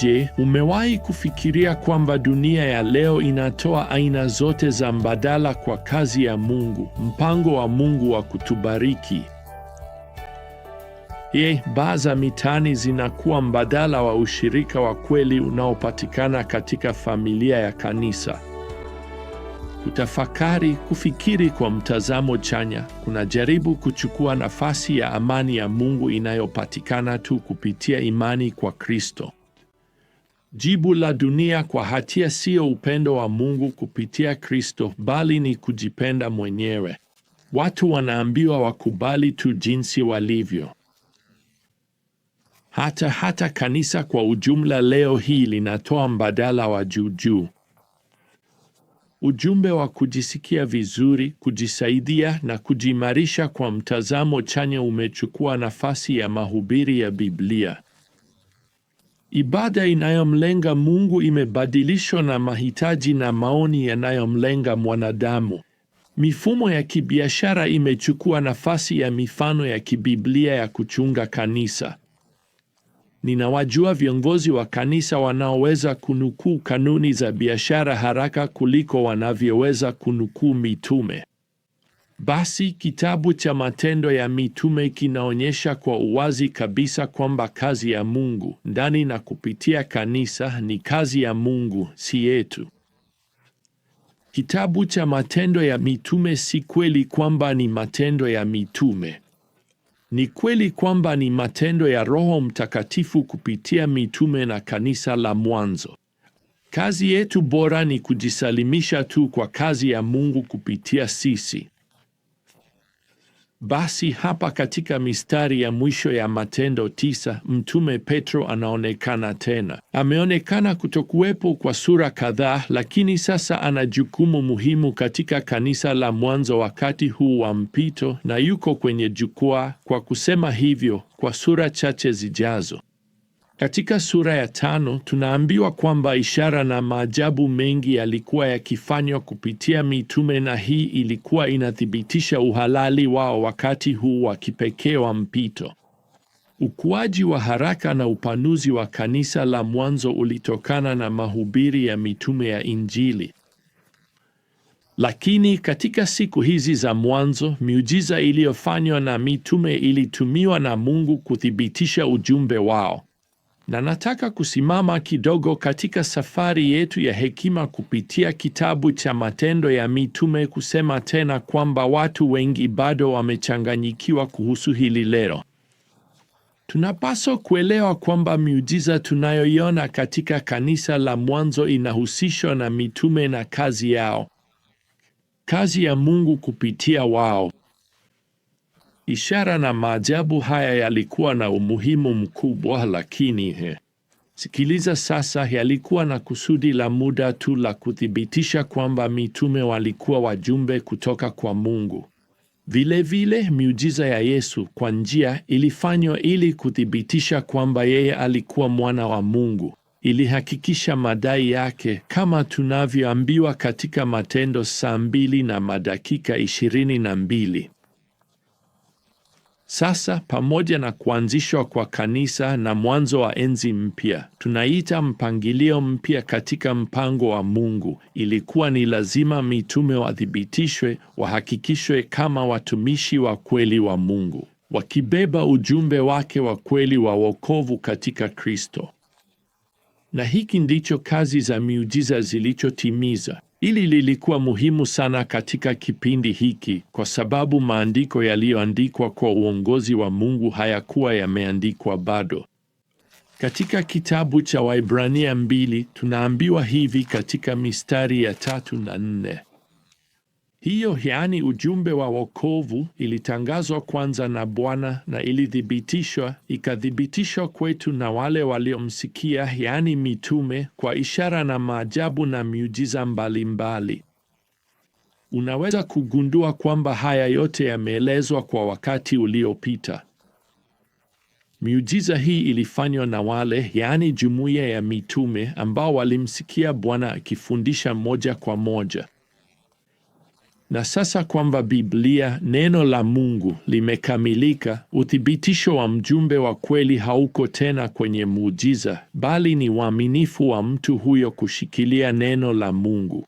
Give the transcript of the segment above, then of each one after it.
Je, umewahi kufikiria kwamba dunia ya leo inatoa aina zote za mbadala kwa kazi ya Mungu, mpango wa Mungu wa kutubariki? Ye, baa za mitaani zinakuwa mbadala wa ushirika wa kweli unaopatikana katika familia ya kanisa. Kutafakari, kufikiri kwa mtazamo chanya, kunajaribu kuchukua nafasi ya amani ya Mungu inayopatikana tu kupitia imani kwa Kristo. Jibu la dunia kwa hatia siyo upendo wa Mungu kupitia Kristo, bali ni kujipenda mwenyewe. Watu wanaambiwa wakubali tu jinsi walivyo. Hata hata kanisa kwa ujumla leo hii linatoa mbadala wa juujuu, ujumbe wa kujisikia vizuri, kujisaidia na kujiimarisha kwa mtazamo chanya umechukua nafasi ya mahubiri ya Biblia. Ibada inayomlenga Mungu imebadilishwa na mahitaji na maoni yanayomlenga mwanadamu. Mifumo ya kibiashara imechukua nafasi ya mifano ya kibiblia ya kuchunga kanisa. Ninawajua viongozi wa kanisa wanaoweza kunukuu kanuni za biashara haraka kuliko wanavyoweza kunukuu mitume. Basi kitabu cha Matendo ya Mitume kinaonyesha kwa uwazi kabisa kwamba kazi ya Mungu ndani na kupitia kanisa ni kazi ya Mungu, si yetu. Kitabu cha Matendo ya Mitume si kweli kwamba ni matendo ya mitume. Ni kweli kwamba ni matendo ya Roho Mtakatifu kupitia mitume na kanisa la mwanzo. Kazi yetu bora ni kujisalimisha tu kwa kazi ya Mungu kupitia sisi. Basi hapa katika mistari ya mwisho ya Matendo tisa mtume Petro anaonekana tena. Ameonekana kutokuwepo kwa sura kadhaa, lakini sasa ana jukumu muhimu katika kanisa la mwanzo wakati huu wa mpito, na yuko kwenye jukwaa, kwa kusema hivyo, kwa sura chache zijazo. Katika sura ya tano tunaambiwa kwamba ishara na maajabu mengi yalikuwa yakifanywa kupitia mitume, na hii ilikuwa inathibitisha uhalali wao wakati huu wa kipekee wa mpito. Ukuaji wa haraka na upanuzi wa kanisa la mwanzo ulitokana na mahubiri ya mitume ya Injili. Lakini katika siku hizi za mwanzo, miujiza iliyofanywa na mitume ilitumiwa na Mungu kuthibitisha ujumbe wao na nataka kusimama kidogo katika safari yetu ya hekima kupitia kitabu cha Matendo ya Mitume kusema tena kwamba watu wengi bado wamechanganyikiwa kuhusu hili leo. Tunapaswa kuelewa kwamba miujiza tunayoiona katika kanisa la mwanzo inahusishwa na mitume na kazi yao, kazi ya Mungu kupitia wao. Ishara na maajabu haya yalikuwa na umuhimu mkubwa, lakini he, sikiliza sasa, yalikuwa na kusudi la muda tu la kuthibitisha kwamba mitume walikuwa wajumbe kutoka kwa Mungu. Vilevile vile, miujiza ya Yesu kwa njia ilifanywa ili kuthibitisha kwamba yeye alikuwa mwana wa Mungu. Ilihakikisha madai yake kama tunavyoambiwa katika Matendo saa mbili na madakika ishirini na mbili. Sasa pamoja na kuanzishwa kwa kanisa na mwanzo wa enzi mpya, tunaita mpangilio mpya katika mpango wa Mungu. Ilikuwa ni lazima mitume wathibitishwe, wahakikishwe kama watumishi wa kweli wa Mungu, wakibeba ujumbe wake wa kweli wa wokovu katika Kristo. Na hiki ndicho kazi za miujiza zilichotimiza. Hili lilikuwa muhimu sana katika kipindi hiki kwa sababu maandiko yaliyoandikwa kwa uongozi wa Mungu hayakuwa yameandikwa bado. Katika kitabu cha Waibrania mbili tunaambiwa hivi katika mistari ya tatu na nne: hiyo yaani ujumbe wa wokovu ilitangazwa kwanza na Bwana na ilithibitishwa, ikathibitishwa kwetu na wale waliomsikia, yaani mitume, kwa ishara na maajabu na miujiza mbalimbali. Unaweza kugundua kwamba haya yote yameelezwa kwa wakati uliopita. Miujiza hii ilifanywa na wale, yaani jumuiya ya mitume, ambao walimsikia Bwana akifundisha moja kwa moja na sasa kwamba Biblia, neno la Mungu, limekamilika, uthibitisho wa mjumbe wa kweli hauko tena kwenye muujiza, bali ni uaminifu wa mtu huyo kushikilia neno la Mungu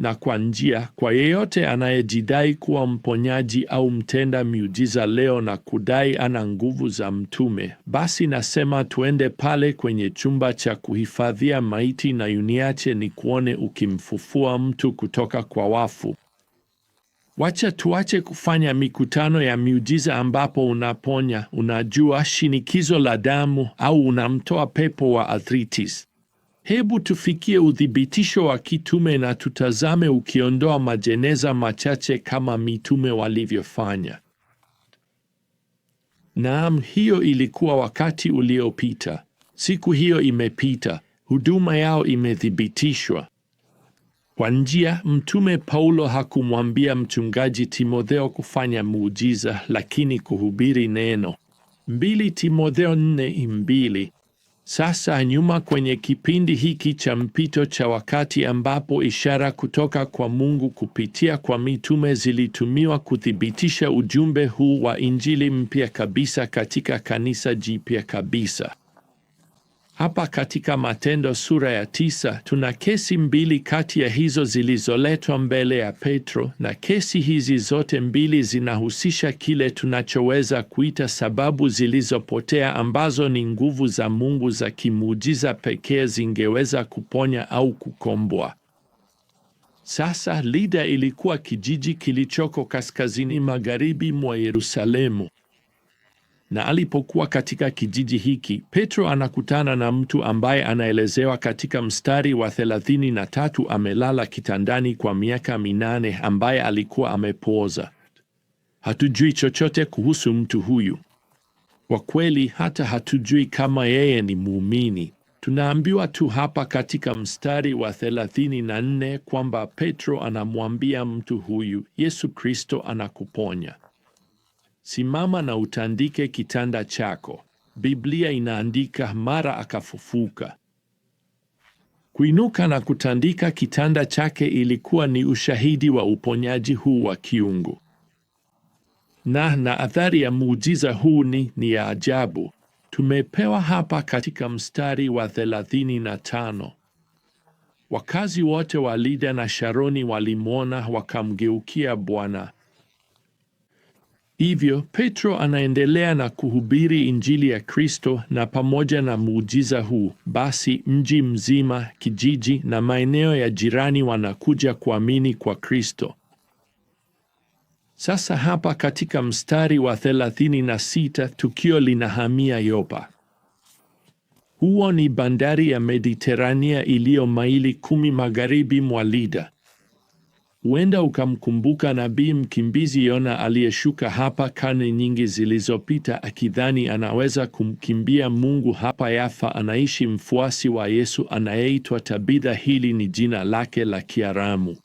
na kwa njia, kwa yeyote anayejidai kuwa mponyaji au mtenda miujiza leo na kudai ana nguvu za mtume, basi nasema tuende pale kwenye chumba cha kuhifadhia maiti na uniache kuone ukimfufua mtu kutoka kwa wafu. Wacha tuache kufanya mikutano ya miujiza ambapo unaponya, unajua, shinikizo la damu au unamtoa pepo wa arthritis. Hebu tufikie uthibitisho wa kitume na tutazame ukiondoa majeneza machache kama mitume walivyofanya. Naam, hiyo ilikuwa wakati uliopita. Siku hiyo imepita, huduma yao imethibitishwa. Kwa njia, mtume Paulo hakumwambia mchungaji Timotheo kufanya muujiza, lakini kuhubiri neno. 2 Timotheo 4:2 sasa nyuma kwenye kipindi hiki cha mpito cha wakati ambapo ishara kutoka kwa Mungu kupitia kwa mitume zilitumiwa kuthibitisha ujumbe huu wa Injili mpya kabisa katika kanisa jipya kabisa. Hapa katika Matendo sura ya tisa tuna kesi mbili kati ya hizo zilizoletwa mbele ya Petro, na kesi hizi zote mbili zinahusisha kile tunachoweza kuita sababu zilizopotea ambazo ni nguvu za Mungu za kimuujiza pekee zingeweza kuponya au kukombwa Sasa Lida ilikuwa kijiji kilichoko kaskazini magharibi mwa Yerusalemu. Na alipokuwa katika kijiji hiki, Petro anakutana na mtu ambaye anaelezewa katika mstari wa 33 amelala kitandani kwa miaka minane, ambaye alikuwa amepooza. Hatujui chochote kuhusu mtu huyu. Kwa kweli, hata hatujui kama yeye ni muumini. Tunaambiwa tu hapa katika mstari wa 34 kwamba Petro anamwambia mtu huyu, Yesu Kristo anakuponya simama na utandike kitanda chako. Biblia inaandika mara akafufuka. Kuinuka na kutandika kitanda chake ilikuwa ni ushahidi wa uponyaji huu wa kiungu, na na athari ya muujiza huu ni ni ya ajabu. Tumepewa hapa katika mstari wa 35: wakazi wote wa Lida na Sharoni walimwona, wakamgeukia Bwana Hivyo Petro anaendelea na kuhubiri Injili ya Kristo, na pamoja na muujiza huu, basi mji mzima, kijiji na maeneo ya jirani wanakuja kuamini kwa Kristo. Sasa hapa katika mstari wa 36 tukio linahamia Yopa. Huo ni bandari ya Mediterania iliyo maili kumi magharibi mwa Lida. Huenda ukamkumbuka nabii mkimbizi Yona aliyeshuka hapa karne nyingi zilizopita akidhani anaweza kumkimbia Mungu. Hapa Yafa anaishi mfuasi wa Yesu anayeitwa Tabitha. Hili ni jina lake la Kiaramu.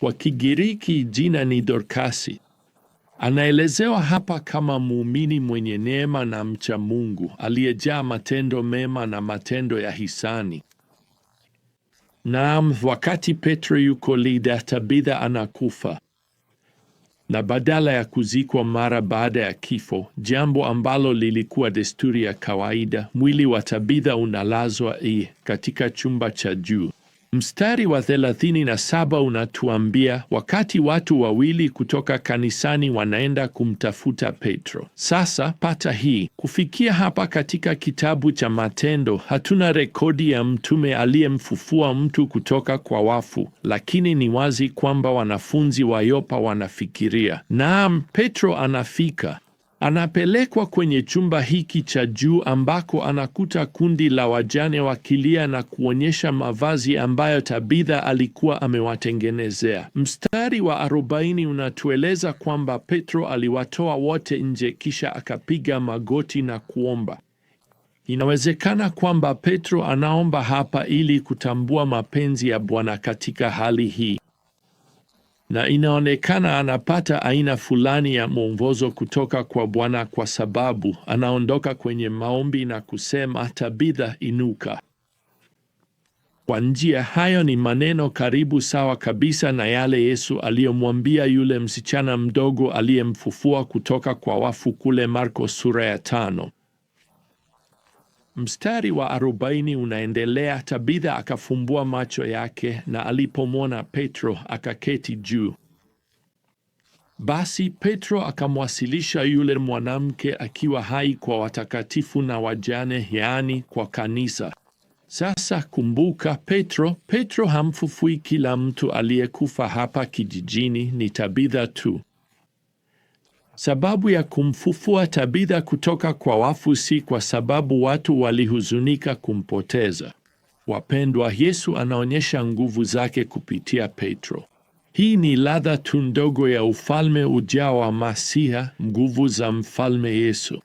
Kwa Kigiriki jina ni Dorkasi. Anaelezewa hapa kama muumini mwenye neema na mcha Mungu aliyejaa matendo mema na matendo ya hisani. Naam, wakati Petro yuko Lida, Tabitha anakufa na badala ya kuzikwa mara baada ya kifo, jambo ambalo lilikuwa desturi ya kawaida, mwili wa Tabitha unalazwa i katika chumba cha juu. Mstari wa 37 unatuambia wakati watu wawili kutoka kanisani wanaenda kumtafuta Petro. Sasa pata hii, kufikia hapa katika kitabu cha Matendo hatuna rekodi ya mtume aliyemfufua mtu kutoka kwa wafu, lakini ni wazi kwamba wanafunzi wa Yopa wanafikiria, naam, Petro anafika. Anapelekwa kwenye chumba hiki cha juu ambako anakuta kundi la wajane wakilia na kuonyesha mavazi ambayo Tabitha alikuwa amewatengenezea. Mstari wa arobaini unatueleza kwamba Petro aliwatoa wote nje, kisha akapiga magoti na kuomba. Inawezekana kwamba Petro anaomba hapa ili kutambua mapenzi ya Bwana katika hali hii na inaonekana anapata aina fulani ya mwongozo kutoka kwa Bwana kwa sababu anaondoka kwenye maombi na kusema, Tabitha, inuka. Kwa njia hayo, ni maneno karibu sawa kabisa na yale Yesu aliyomwambia yule msichana mdogo aliyemfufua kutoka kwa wafu kule Marko sura ya tano. Mstari wa arobaini unaendelea: Tabitha akafumbua macho yake na alipomwona Petro akaketi juu. Basi Petro akamwasilisha yule mwanamke akiwa hai kwa watakatifu na wajane, yaani kwa kanisa. Sasa kumbuka, Petro Petro hamfufui kila mtu aliyekufa hapa kijijini, ni Tabitha tu. Sababu ya kumfufua Tabitha kutoka kwa wafu si kwa sababu watu walihuzunika kumpoteza. Wapendwa, Yesu anaonyesha nguvu zake kupitia Petro. Hii ni ladha tu ndogo ya ufalme ujao wa Masiha, nguvu za mfalme Yesu.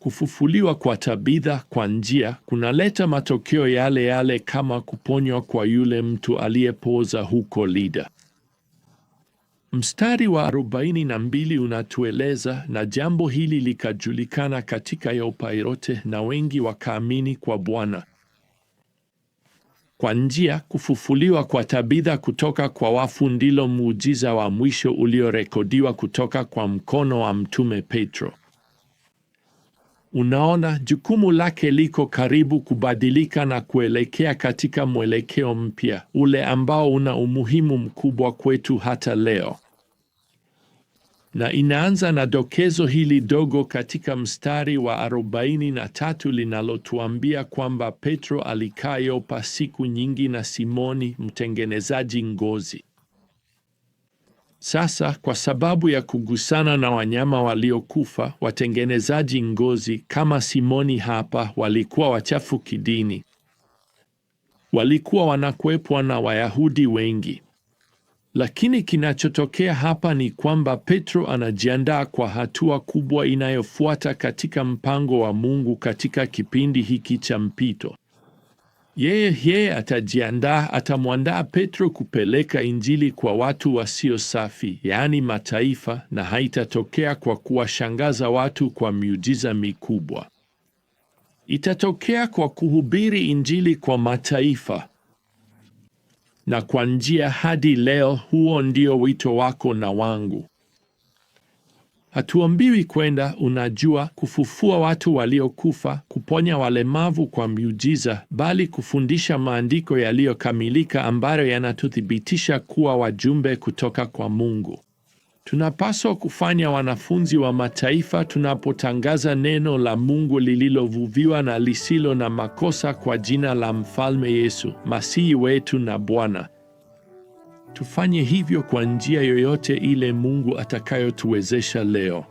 Kufufuliwa kwa Tabitha kwa njia kunaleta matokeo yale yale kama kuponywa kwa yule mtu aliyepooza huko Lida. Mstari wa 42 mbili unatueleza na jambo hili likajulikana katika Yopa yote, na wengi wakaamini kwa Bwana. Kwa njia, kufufuliwa kwa Tabitha kutoka kwa wafu ndilo muujiza wa mwisho uliorekodiwa kutoka kwa mkono wa mtume Petro. Unaona, jukumu lake liko karibu kubadilika na kuelekea katika mwelekeo mpya, ule ambao una umuhimu mkubwa kwetu hata leo. Na inaanza na dokezo hili dogo katika mstari wa 43 linalotuambia kwamba Petro alikaa Yopa siku nyingi na Simoni mtengenezaji ngozi. Sasa kwa sababu ya kugusana na wanyama waliokufa, watengenezaji ngozi kama Simoni hapa walikuwa wachafu kidini. Walikuwa wanakwepwa na Wayahudi wengi. Lakini kinachotokea hapa ni kwamba Petro anajiandaa kwa hatua kubwa inayofuata katika mpango wa Mungu katika kipindi hiki cha mpito. Yeye yeye atajiandaa, atamwandaa Petro kupeleka Injili kwa watu wasio safi, yaani mataifa, na haitatokea kwa kuwashangaza watu kwa miujiza mikubwa. Itatokea kwa kuhubiri Injili kwa mataifa. Na kwa njia hadi leo, huo ndio wito wako na wangu. Hatuambiwi kwenda, unajua, kufufua watu waliokufa, kuponya walemavu kwa miujiza, bali kufundisha maandiko yaliyokamilika ambayo yanatuthibitisha kuwa wajumbe kutoka kwa Mungu. Tunapaswa kufanya wanafunzi wa mataifa tunapotangaza neno la Mungu lililovuviwa na lisilo na makosa kwa jina la Mfalme Yesu Masihi wetu na Bwana. Tufanye hivyo kwa njia yoyote ile Mungu atakayotuwezesha leo.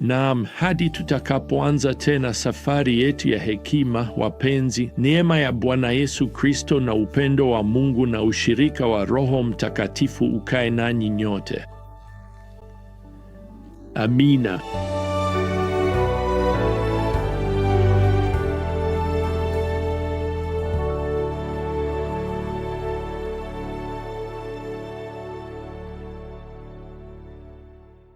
Naam, hadi tutakapoanza tena safari yetu ya hekima, wapenzi, neema ya Bwana Yesu Kristo na upendo wa Mungu na ushirika wa Roho Mtakatifu ukae nanyi nyote. Amina.